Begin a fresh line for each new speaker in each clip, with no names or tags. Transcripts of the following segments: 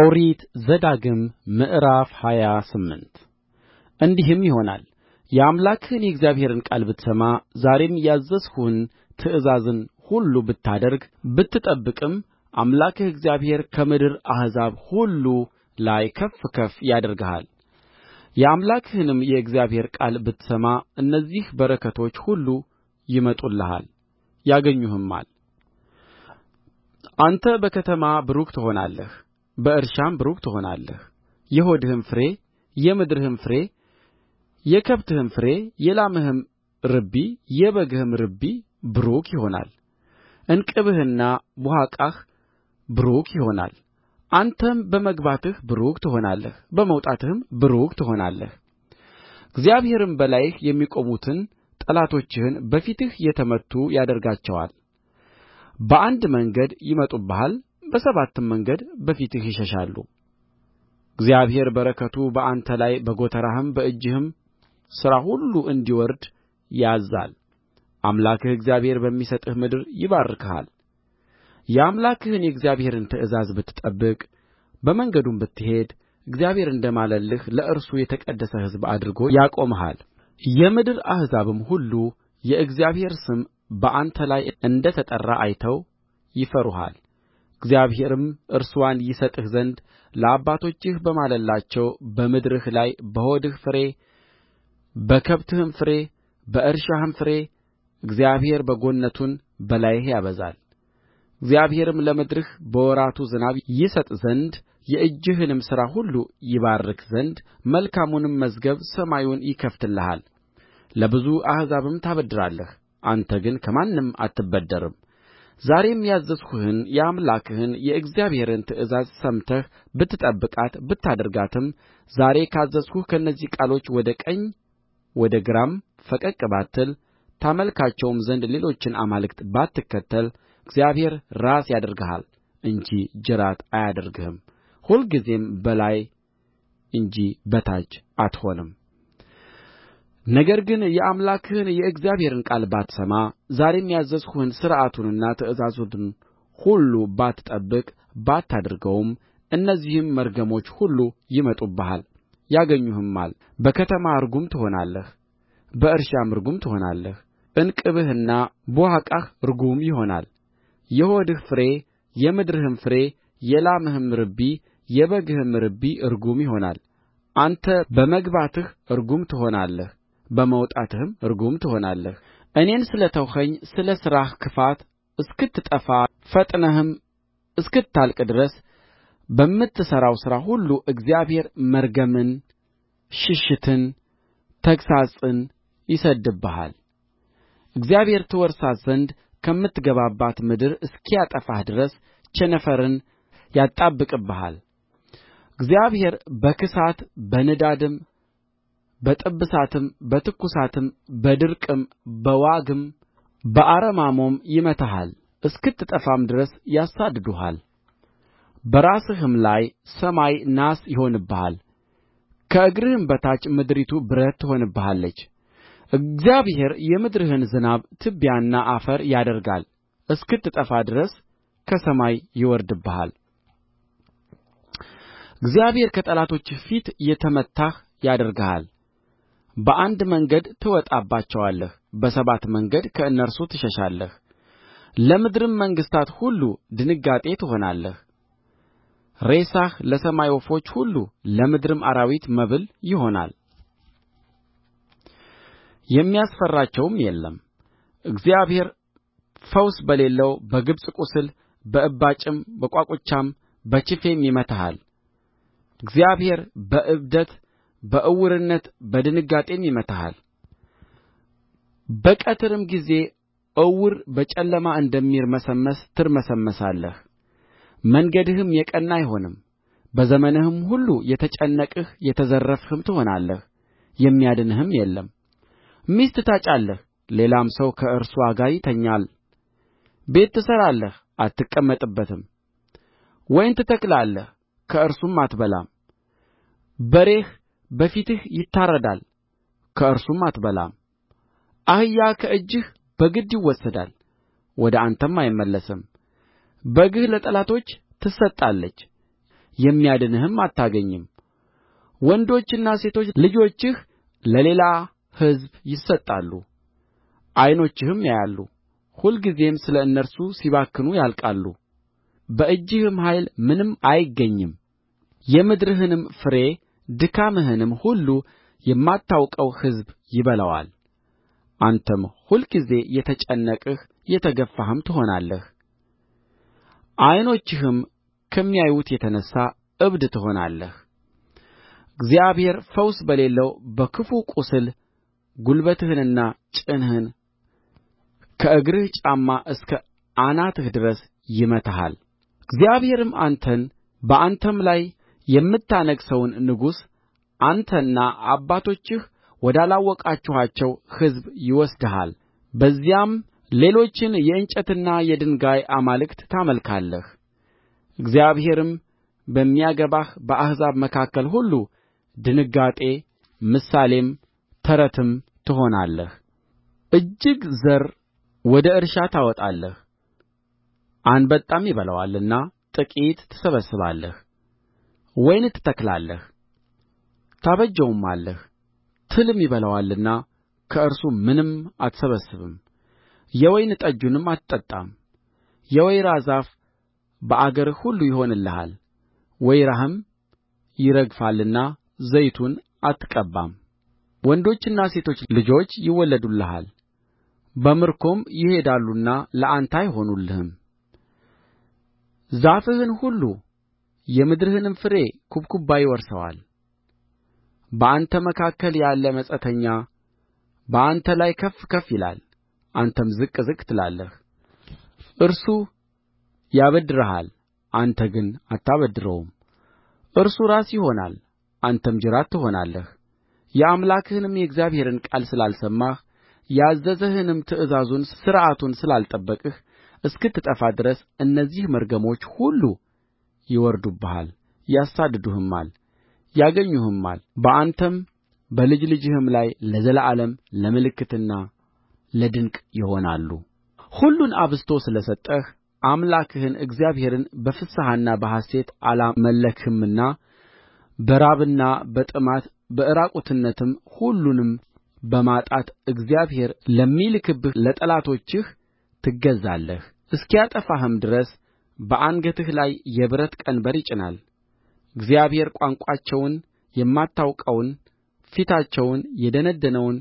ኦሪት ዘዳግም ምዕራፍ ሃያ ስምንት እንዲህም ይሆናል የአምላክህን የእግዚአብሔርን ቃል ብትሰማ ዛሬም ያዘዝሁህን ትእዛዝን ሁሉ ብታደርግ ብትጠብቅም አምላክህ እግዚአብሔር ከምድር አሕዛብ ሁሉ ላይ ከፍ ከፍ ያደርግሃል የአምላክህንም የእግዚአብሔር ቃል ብትሰማ እነዚህ በረከቶች ሁሉ ይመጡልሃል ያገኙህማል አንተ በከተማ ቡሩክ ትሆናለህ በእርሻም ቡሩክ ትሆናለህ የሆድህም ፍሬ የምድርህም ፍሬ የከብትህም ፍሬ የላምህም ርቢ የበግህም ርቢ ቡሩክ ይሆናል እንቅብህና ቡሃቃህ ቡሩክ ይሆናል አንተም በመግባትህ ቡሩክ ትሆናለህ በመውጣትህም ቡሩክ ትሆናለህ እግዚአብሔርም በላይህ የሚቆሙትን ጠላቶችህን በፊትህ የተመቱ ያደርጋቸዋል በአንድ መንገድ ይመጡብሃል በሰባትም መንገድ በፊትህ ይሸሻሉ እግዚአብሔር በረከቱ በአንተ ላይ በጎተራህም በእጅህም ሥራ ሁሉ እንዲወርድ ያዝዛል አምላክህ እግዚአብሔር በሚሰጥህ ምድር ይባርክሃል የአምላክህን የእግዚአብሔርን ትእዛዝ ብትጠብቅ በመንገዱም ብትሄድ እግዚአብሔር እንደ ማለልህ ለእርሱ የተቀደሰ ሕዝብ አድርጎ ያቆምሃል። የምድር አሕዛብም ሁሉ የእግዚአብሔር ስም በአንተ ላይ እንደ ተጠራ አይተው ይፈሩሃል፣ እግዚአብሔርም እርስዋን ይሰጥህ ዘንድ ለአባቶችህ በማለላቸው በምድርህ ላይ በሆድህ ፍሬ በከብትህም ፍሬ በእርሻህም ፍሬ እግዚአብሔር በጎነቱን በላይህ ያበዛል። እግዚአብሔርም ለምድርህ በወራቱ ዝናብ ይሰጥ ዘንድ የእጅህንም ሥራ ሁሉ ይባርክ ዘንድ መልካሙንም መዝገብ ሰማዩን ይከፍትልሃል። ለብዙ አሕዛብም ታበድራለህ፣ አንተ ግን ከማንም አትበደርም። ዛሬም ያዘዝሁህን የአምላክህን የእግዚአብሔርን ትእዛዝ ሰምተህ ብትጠብቃት ብታደርጋትም ዛሬ ካዘዝሁህ ከእነዚህ ቃሎች ወደ ቀኝ ወደ ግራም ፈቀቅ ባትል ታመልካቸውም ዘንድ ሌሎችን አማልክት ባትከተል እግዚአብሔር ራስ ያደርግሃል እንጂ ጅራት አያደርግህም ሁልጊዜም በላይ እንጂ በታች አትሆንም ነገር ግን የአምላክህን የእግዚአብሔርን ቃል ባትሰማ ዛሬም ያዘዝሁህን ሥርዓቱንና ትእዛዙን ሁሉ ባትጠብቅ ባታደርገውም እነዚህም መርገሞች ሁሉ ይመጡብሃል ያገኙህማል በከተማ ርጉም ትሆናለህ በእርሻም ርጉም ትሆናለህ እንቅብህና ቡሃቃህ ርጉም ይሆናል የሆድህ ፍሬ የምድርህም ፍሬ የላምህም ርቢ የበግህም ርቢ ርጉም ይሆናል አንተ በመግባትህ ርጉም ትሆናለህ በመውጣትህም ርጉም ትሆናለህ እኔን ስለ ተውኸኝ ስለ ሥራህ ክፋት እስክትጠፋ ፈጥነህም እስክታልቅ ድረስ በምትሠራው ሥራ ሁሉ እግዚአብሔር መርገምን ሽሽትን ተግሣጽን ይሰድድብሃል እግዚአብሔር ትወርሳት ዘንድ ከምትገባባት ምድር እስኪያጠፋህ ድረስ ቸነፈርን ያጣብቅብሃል እግዚአብሔር በክሳት በንዳድም በጥብሳትም በትኵሳትም በድርቅም በዋግም በአረማሞም ይመታሃል እስክትጠፋም ድረስ ያሳድዱሃል በራስህም ላይ ሰማይ ናስ ይሆንብሃል ከእግርህም በታች ምድሪቱ ብረት ትሆንብሃለች እግዚአብሔር የምድርህን ዝናብ ትቢያና አፈር ያደርጋል እስክትጠፋ ድረስ ከሰማይ ይወርድብሃል እግዚአብሔር ከጠላቶችህ ፊት የተመታህ ያደርግሃል በአንድ መንገድ ትወጣባቸዋለህ በሰባት መንገድ ከእነርሱ ትሸሻለህ ለምድርም መንግሥታት ሁሉ ድንጋጤ ትሆናለህ ሬሳህ ለሰማይ ወፎች ሁሉ ለምድርም አራዊት መብል ይሆናል የሚያስፈራቸውም የለም እግዚአብሔር ፈውስ በሌለው በግብፅ ቍስል በእባጭም በቋቁቻም በችፌም ይመታሃል እግዚአብሔር በዕብደት በዕውርነት በድንጋጤም ይመታሃል በቀትርም ጊዜ ዕውር በጨለማ እንደሚርመሰመስ ትርመሰመሳለህ መንገድህም የቀና አይሆንም በዘመንህም ሁሉ የተጨነቅህ የተዘረፍህም ትሆናለህ የሚያድንህም የለም ሚስት ታጫለህ ሌላም ሰው ከእርስዋ ጋር ይተኛል ቤት ትሠራለህ አትቀመጥበትም ወይን ትተክላለህ ከእርሱም አትበላም በሬህ በፊትህ ይታረዳል ከእርሱም አትበላም አህያ ከእጅህ በግድ ይወሰዳል ወደ አንተም አይመለስም በግህ ለጠላቶችህ ትሰጣለች የሚያድንህም አታገኝም ወንዶችና ሴቶች ልጆችህ ለሌላ ሕዝብ ይሰጣሉ ዐይኖችህም ያያሉ ሁልጊዜም ስለ እነርሱ ሲባክኑ ያልቃሉ በእጅህም ኃይል ምንም አይገኝም የምድርህንም ፍሬ ድካምህንም ሁሉ የማታውቀው ሕዝብ ይበላዋል አንተም ሁልጊዜ የተጨነቅህ የተገፋህም ትሆናለህ ዓይኖችህም ከሚያዩት የተነሣ ዕብድ ትሆናለህ እግዚአብሔር ፈውስ በሌለው በክፉ ቍስል ጕልበትህንና ጭንህን ከእግርህ ጫማ እስከ አናትህ ድረስ ይመታሃል እግዚአብሔርም አንተን በአንተም ላይ የምታነግሠውን ንጉሥ አንተና አባቶችህ ወዳላወቃችኋቸው ሕዝብ ይወስድሃል በዚያም ሌሎችን የእንጨትና የድንጋይ አማልክት ታመልካለህ እግዚአብሔርም በሚያገባህ በአሕዛብ መካከል ሁሉ ድንጋጤ ምሳሌም ተረትም ትሆናለህ እጅግ ዘር ወደ እርሻ ታወጣለህ አንበጣም ይበላዋልና ጥቂት ትሰበስባለህ ወይን ትተክላለህ ታበጀውማለህ ትልም ይበላዋልና ከእርሱ ምንም አትሰበስብም የወይን ጠጁንም አትጠጣም የወይራ ዛፍ በአገርህ ሁሉ ይሆንልሃል ወይራህም ይረግፋልና ዘይቱን አትቀባም ወንዶችና ሴቶች ልጆች ይወለዱልሃል በምርኮም ይሄዳሉና ለአንተ አይሆኑልህም ዛፍህን ሁሉ የምድርህንም ፍሬ ኩብኩባ ይወርሰዋል በአንተ መካከል ያለ መጻተኛ በአንተ ላይ ከፍ ከፍ ይላል አንተም ዝቅ ዝቅ ትላለህ እርሱ ያበድርሃል አንተ ግን አታበድረውም እርሱ ራስ ይሆናል አንተም ጅራት ትሆናለህ የአምላክህንም የእግዚአብሔርን ቃል ስላልሰማህ ያዘዘህንም ትእዛዙን ሥርዓቱን ስላልጠበቅህ እስክትጠፋ ድረስ እነዚህ መርገሞች ሁሉ ይወርዱብሃል ያሳድዱህማል ያገኙህማል በአንተም በልጅ ልጅህም ላይ ለዘላለም ለምልክትና ለድንቅ ይሆናሉ ሁሉን አብዝቶ ስለ ሰጠህ አምላክህን እግዚአብሔርን በፍሥሐና በሐሤት አላመለክህምና በራብና በጥማት በዕራቁትነትም ሁሉንም በማጣት እግዚአብሔር ለሚልክብህ ለጠላቶችህ ትገዛለህ እስኪያጠፋህም ድረስ በአንገትህ ላይ የብረት ቀንበር ይጭናል እግዚአብሔር ቋንቋቸውን የማታውቀውን ፊታቸውን የደነደነውን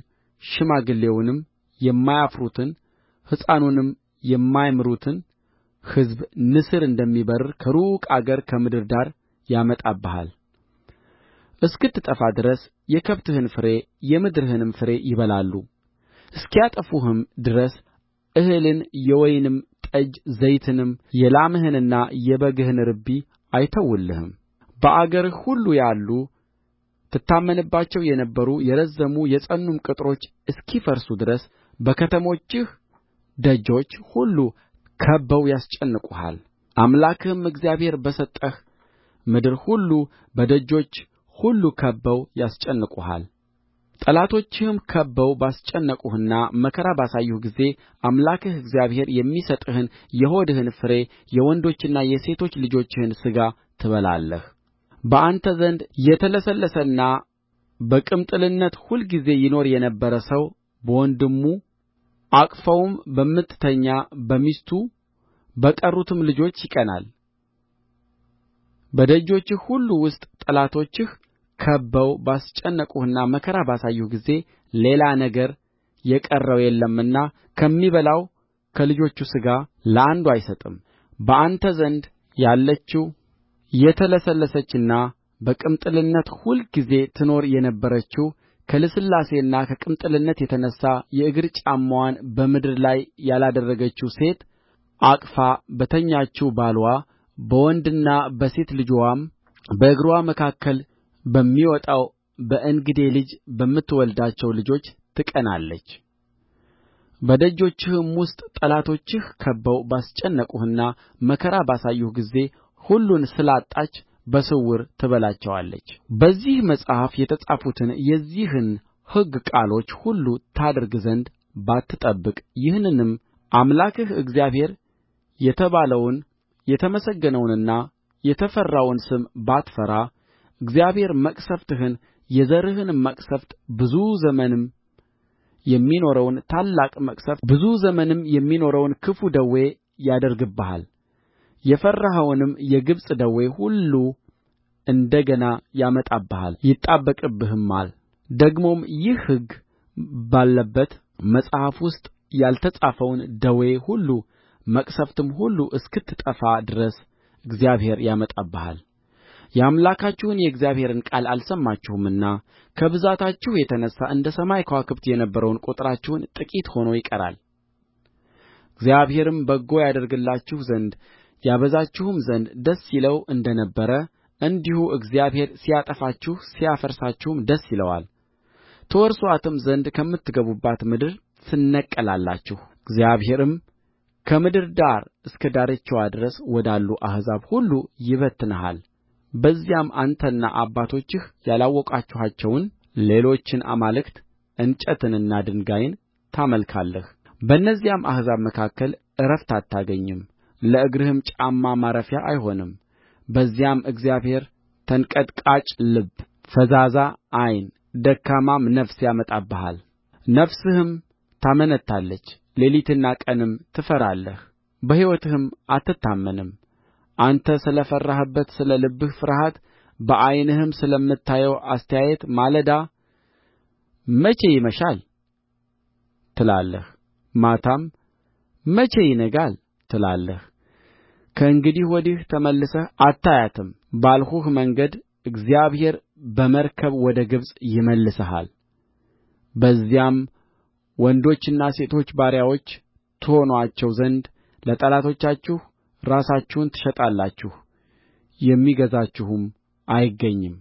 ሽማግሌውንም የማያፍሩትን ሕፃኑንም የማያምሩትን ሕዝብ ንስር እንደሚበርር ከሩቅ አገር ከምድር ዳር ያመጣብሃል እስክትጠፋ ድረስ የከብትህን ፍሬ የምድርህንም ፍሬ ይበላሉ እስኪያጠፉህም ድረስ እህልን የወይንም ጠጅ ዘይትንም የላምህንና የበግህን ርቢ አይተውልህም በአገርህ ሁሉ ያሉ ትታመንባቸው የነበሩ የረዘሙ የጸኑም ቅጥሮች እስኪፈርሱ ድረስ በከተሞችህ ደጆች ሁሉ ከብበው ያስጨንቁሃል አምላክህም እግዚአብሔር በሰጠህ ምድር ሁሉ በደጆች ሁሉ ከብበው ያስጨንቁሃል ጠላቶችህም ከብበው ባስጨነቁህና መከራ ባሳዩህ ጊዜ አምላክህ እግዚአብሔር የሚሰጥህን የሆድህን ፍሬ የወንዶችና የሴቶች ልጆችህን ሥጋ ትበላለህ በአንተ ዘንድ የተለሳለሰና በቅምጥልነት ሁልጊዜ ይኖር የነበረ ሰው በወንድሙ አቅፋውም በምትተኛ በሚስቱ በቀሩትም ልጆች ይቀናል በደጆችህ ሁሉ ውስጥ ጠላቶችህ ከብበው ባስጨነቁህና መከራ ባሳዩህ ጊዜ ሌላ ነገር የቀረው የለምና ከሚበላው ከልጆቹ ሥጋ ለአንዱ አይሰጥም በአንተ ዘንድ ያለችው የተለሳለሰችና በቅምጥልነት ሁልጊዜ ትኖር የነበረችው ከልስላሴና ከቅምጥልነት የተነሣ የእግር ጫማዋን በምድር ላይ ያላደረገችው ሴት አቅፋ በተኛችው ባልዋ በወንድና በሴት ልጅዋም በእግርዋ መካከል በሚወጣው በእንግዴ ልጅ በምትወልዳቸው ልጆች ትቀናለች በደጆችህም ውስጥ ጠላቶችህ ከብበው ባስጨነቁህና መከራ ባሳዩህ ጊዜ ሁሉን ስላጣች በስውር ትበላቸዋለች በዚህ መጽሐፍ የተጻፉትን የዚህን ሕግ ቃሎች ሁሉ ታደርግ ዘንድ ባትጠብቅ ይህንንም አምላክህ እግዚአብሔር የተባለውን የተመሰገነውንና የተፈራውን ስም ባትፈራ እግዚአብሔር መቅሠፍትህን የዘርህንም መቅሠፍት ብዙ ዘመንም የሚኖረውን ታላቅ መቅሠፍት ብዙ ዘመንም የሚኖረውን ክፉ ደዌ ያደርግብሃል የፈራኸውንም የግብፅ ደዌ ሁሉ እንደ ገና ያመጣብሃል ይጣበቅብህማል ደግሞም ይህ ሕግ ባለበት መጽሐፍ ውስጥ ያልተጻፈውን ደዌ ሁሉ መቅሠፍትም ሁሉ እስክትጠፋ ድረስ እግዚአብሔር ያመጣብሃል የአምላካችሁን የእግዚአብሔርን ቃል አልሰማችሁምና ከብዛታችሁ የተነሣ እንደ ሰማይ ከዋክብት የነበረውን ቍጥራችሁ ጥቂት ሆኖ ይቀራል እግዚአብሔርም በጎ ያደርግላችሁ ዘንድ ያበዛችሁም ዘንድ ደስ ይለው እንደ ነበረ እንዲሁ እግዚአብሔር ሲያጠፋችሁ ሲያፈርሳችሁም ደስ ይለዋል። ትወርሱአትም ዘንድ ከምትገቡባት ምድር ትነቀላላችሁ። እግዚአብሔርም ከምድር ዳር እስከ ዳርቻዋ ድረስ ወዳሉ አሕዛብ ሁሉ ይበትንሃል። በዚያም አንተና አባቶችህ ያላወቃችኋቸውን ሌሎችን አማልክት እንጨትንና ድንጋይን ታመልካለህ በእነዚያም አሕዛብ መካከል ዕረፍት አታገኝም ለእግርህም ጫማ ማረፊያ አይሆንም በዚያም እግዚአብሔር ተንቀጥቃጭ ልብ ፈዛዛ ዓይን ደካማም ነፍስ ያመጣብሃል ነፍስህም ታመነታለች ሌሊትና ቀንም ትፈራለህ በሕይወትህም አትታመንም አንተ ስለ ፈራህበት ስለ ልብህ ፍርሃት በዓይንህም ስለምታየው አስተያየት ማለዳ መቼ ይመሻል ትላለህ ማታም መቼ ይነጋል ትላለህ ከእንግዲህ ወዲህ ተመልሰህ አታያትም ባልሁህ መንገድ እግዚአብሔር በመርከብ ወደ ግብፅ ይመልስሃል በዚያም ወንዶችና ሴቶች ባሪያዎች ትሆኑአቸው ዘንድ ለጠላቶቻችሁ ራሳችሁን ትሸጣላችሁ የሚገዛችሁም አይገኝም